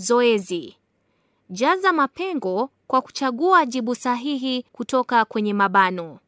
Zoezi: jaza mapengo kwa kuchagua jibu sahihi kutoka kwenye mabano.